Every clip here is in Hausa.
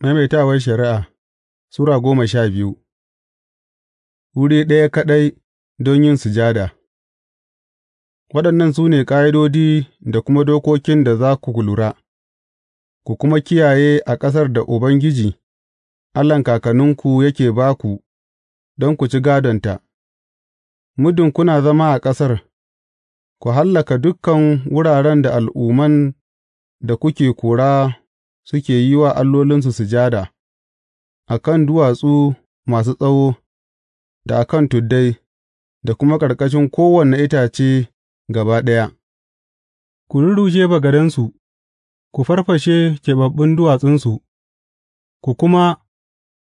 Maimaitawar Shari'a Sura goma sha biyu Wuri ɗaya kaɗai don yin sujada Waɗannan su ne ƙa'idodi da kuma dokokin da za ku lura, ku kuma kiyaye a ƙasar da Ubangiji, Allahn kakanninku yake ba ku don ku ci gādonta, muddin kuna zama a ƙasar, ku hallaka dukkan wuraren da al'umman da kuke kora suke yi wa allolinsu sujada, a kan duwatsu masu tsawo, da a kan tuddai, da kuma ƙarƙashin kowane itace gaba ɗaya. Ku rurrushe bagadansu, ku farfashe keɓaɓɓun duwatsunsu, ku kuma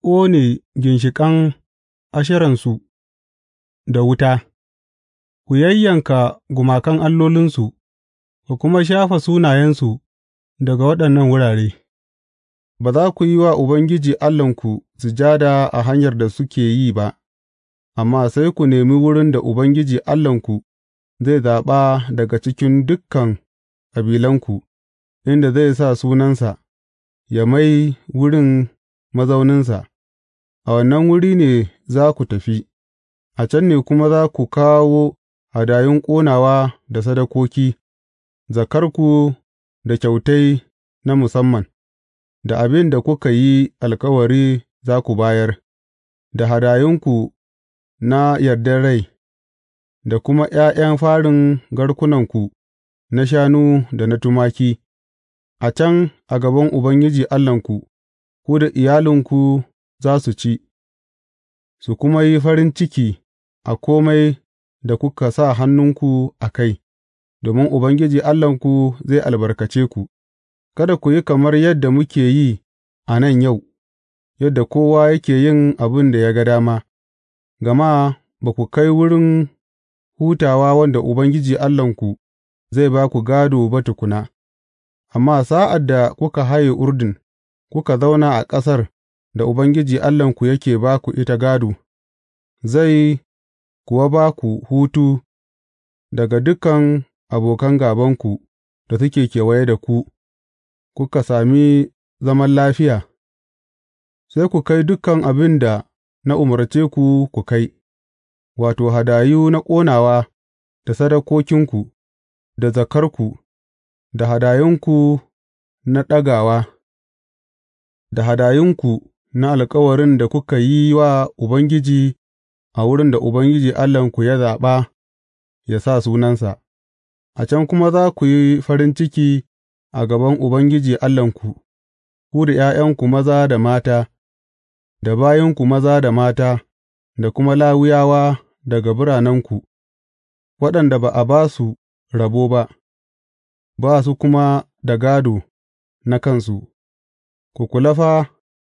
ƙone ginshiƙan asharansu da wuta, ku yayyanka gumakan allolinsu, ku kuma shafa sunayensu daga waɗannan wurare. ba za ku yi wa Ubangiji Allahnku sujada a hanyar da suke yi ba, amma sai ku nemi wurin da Ubangiji Allahnku zai zaɓa daga cikin dukan kabilanku, inda zai sa sunansa, ya mai wurin mazauninsa, a wannan wuri ne za ku tafi, a can ne kuma za ku kawo hadayun ƙonawa da sadakoki, zakarku da kyautai na musamman. da abin da kuka yi alkawari za ku bayar, da hadayunku na yardar rai, da kuma ’ya'yan farin garkunanku na shanu da na tumaki, a can a gaban Ubangiji Allahnku, ku da iyalinku za su ci, su kuma yi farin ciki a kome da kuka sa hannunku a kai, domin Ubangiji Allahnku zai albarkace ku. Kada ku yi kamar yadda muke yi a nan yau, yadda kowa yake yin abin da ya ga dama, gama ba ku kai wurin hutawa wanda Ubangiji Allahnku zai ba ku gado ba tukuna, amma sa'ad da kuka haye Urdun, kuka zauna a ƙasar da Ubangiji Allahnku yake ba ku ita gado, zai kuwa ba ku hutu daga dukan abokan gabanku da suke kewaye da ku. kuka sami zaman lafiya, sai ku kai dukan abin da na umarce ku ku kai, wato, hadayu na ƙonawa da sadakokinku, da zakarku, da hadayunku na ɗagawa, da hadayunku na alkawarin da kuka yi wa Ubangiji a wurin da Ubangiji Allahnku ya zaɓa ya sa sunansa, a can kuma za ku yi farin ciki. a gaban Ubangiji Allahnku, ku da ’ya'yanku maza da mata, da bayanku maza da mata, da kuma lawuyawa daga biranenku, waɗanda ba a ba su rabo ba, ba su kuma da gado na kansu, ku kula fa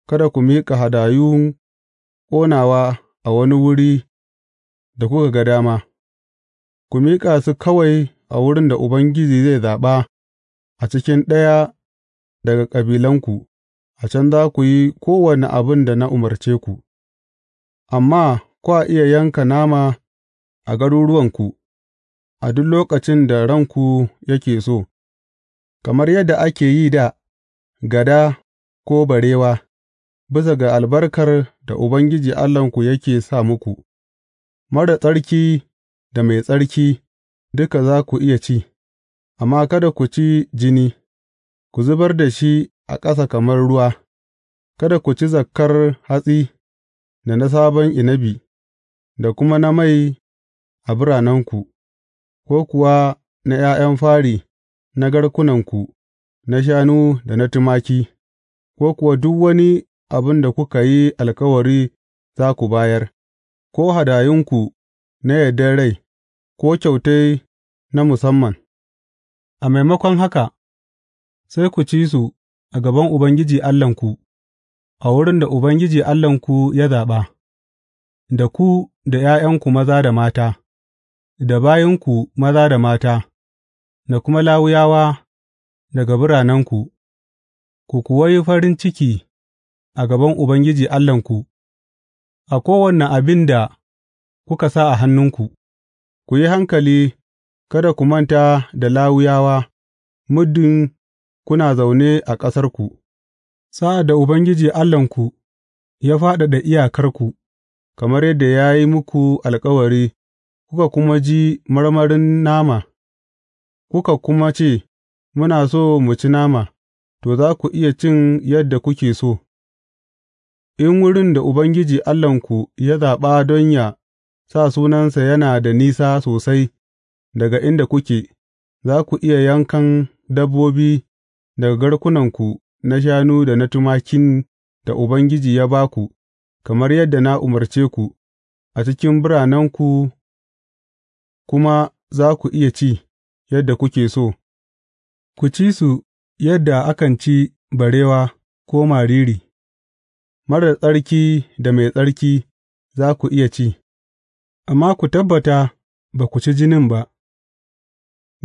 kada ku miƙa hadayun ƙonawa a wani wuri da kuka ga dama, ku miƙa su kawai a wurin da Ubangiji zai zaɓa. a cikin ɗaya daga kabilanku, a can za ku yi kowane abin da na umarce ku, amma kwa iya yanka nama a garuruwanku a duk lokacin da ranku yake so, kamar yadda ake yi da gada ko barewa, bisa ga albarkar da Ubangiji Allahnku yake sa muku, Mara tsarki da mai tsarki duka za ku iya ci. Amma kada ku ci jini, ku zubar da shi a ƙasa kamar ruwa; kada ku ci zakkar hatsi, da na sabon inabi, da kuma na mai a biranenku, ko kuwa na ’ya'yan fari na garkunanku na shanu da na tumaki, ko kuwa duk wani abin da kuka yi alkawari za ku bayar, ko hadayunku na yardar rai, ko kyautai na musamman. A maimakon haka, sai ku ci su a gaban Ubangiji Allahnku, a wurin da Ubangiji Allahnku ya zaɓa, da ku da ’ya'yanku maza da mata, da bayinku maza da mata, da kuma lawuyawa daga biranenku, ku kuwa yi farin ciki a gaban Ubangiji Allahnku, a kowane abin da kuka sa a hannunku, ku yi hankali. Kada ku manta da Lawiyawa muddin kuna zaune a ƙasarku, sa'ad da Ubangiji Allahnku ya fadada iyakarku, kamar yadda ya yi muku alkawari, kuka kuma ji marmarin nama, kuka kuma ce, Muna so mu ci nama, to, za ku iya cin yadda kuke so, in wurin da Ubangiji Allahnku ya zaɓa don ya sa Sunansa yana da nisa sosai. daga inda kuke, za ku iya yankan dabbobi daga garkunanku na shanu da na tumakin da Ubangiji ya ba ku, kamar yadda na umarce ku, a cikin biranenku kuma za ku iya ci yadda kuke so, ku ci su yadda akan ci barewa ko mariri, marar tsarki da mai tsarki za ku iya ci, amma ku tabbata ba ku ci jinin ba.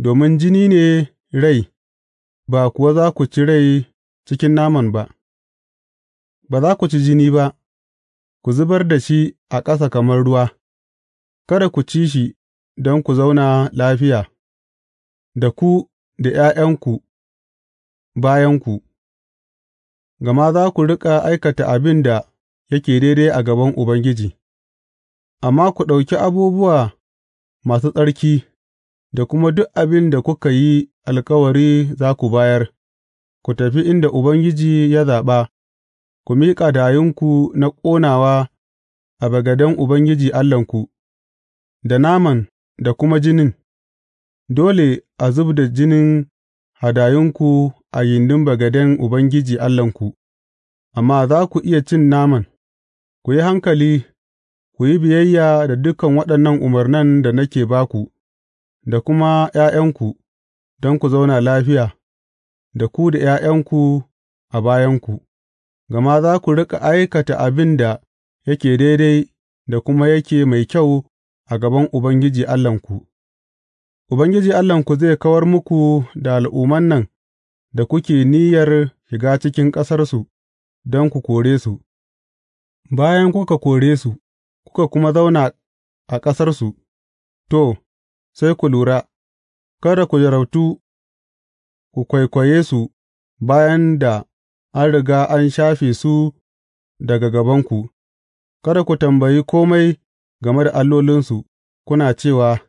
domin jini ne rai, ba kuwa za ku ci rai cikin naman ba, ba za ku ci jini ba, ku zubar da shi a ƙasa kamar ruwa, kada ku ci shi don ku zauna lafiya, da ku da ’ya'yanku bayanku, gama za ku riƙa aikata abin da yake daidai a gaban Ubangiji, amma ku ɗauki abubuwa masu tsarki. da kuma duk abin da kuka yi alkawari za ku bayar, ku tafi inda Ubangiji ya zaɓa, ku miƙa dayunku na ƙonawa a bagaden Ubangiji Allahnku, da naman da kuma jinin, dole a zub da jinin hadayunku a yindin bagaden Ubangiji Allahnku, amma za ku iya cin naman, ku yi hankali, ku yi biyayya da dukan waɗannan umarnan da nake ba ku. da kuma ’ya'yanku, don ku zauna lafiya, da ku da ’ya'yanku a bayanku, gama za ku riƙa aikata abin da yake daidai da kuma yake mai kyau a gaban Ubangiji Allahnku. Ubangiji Allahnku zai kawar muku da al'umman nan da kuke niyyar shiga cikin ƙasarsu don ku kore su, bayan kuka kore su, kuka kuma zauna a ƙasarsu, to, sai ku lura, kada ku jarabtu ku kwaikwaye su bayan da an riga an shafe su daga gabanku, kada ku tambayi komai game da allolinsu, kuna cewa,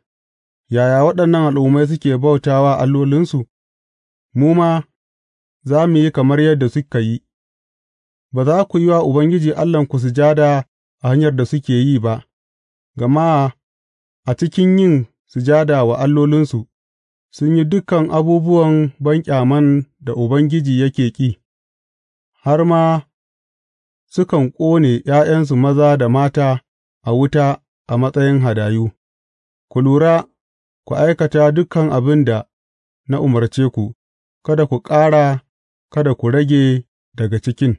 Yaya waɗannan al'ummai suke bauta wa allolinsu, mu ma za mu yi kamar yadda suka yi, ba za ku yi wa Ubangiji Allahnku sujada a hanyar da suke yi ba, gama a cikin yin sujada wa allolinsu, sun yi dukan abubuwan banƙyaman da Ubangiji yake ƙi, har ma sukan ƙone ’ya'yansu maza da mata a wuta a matsayin hadayu, ku lura, ku aikata dukan abin da na umarce ku, kada ku ƙara, kada ku rage daga cikin.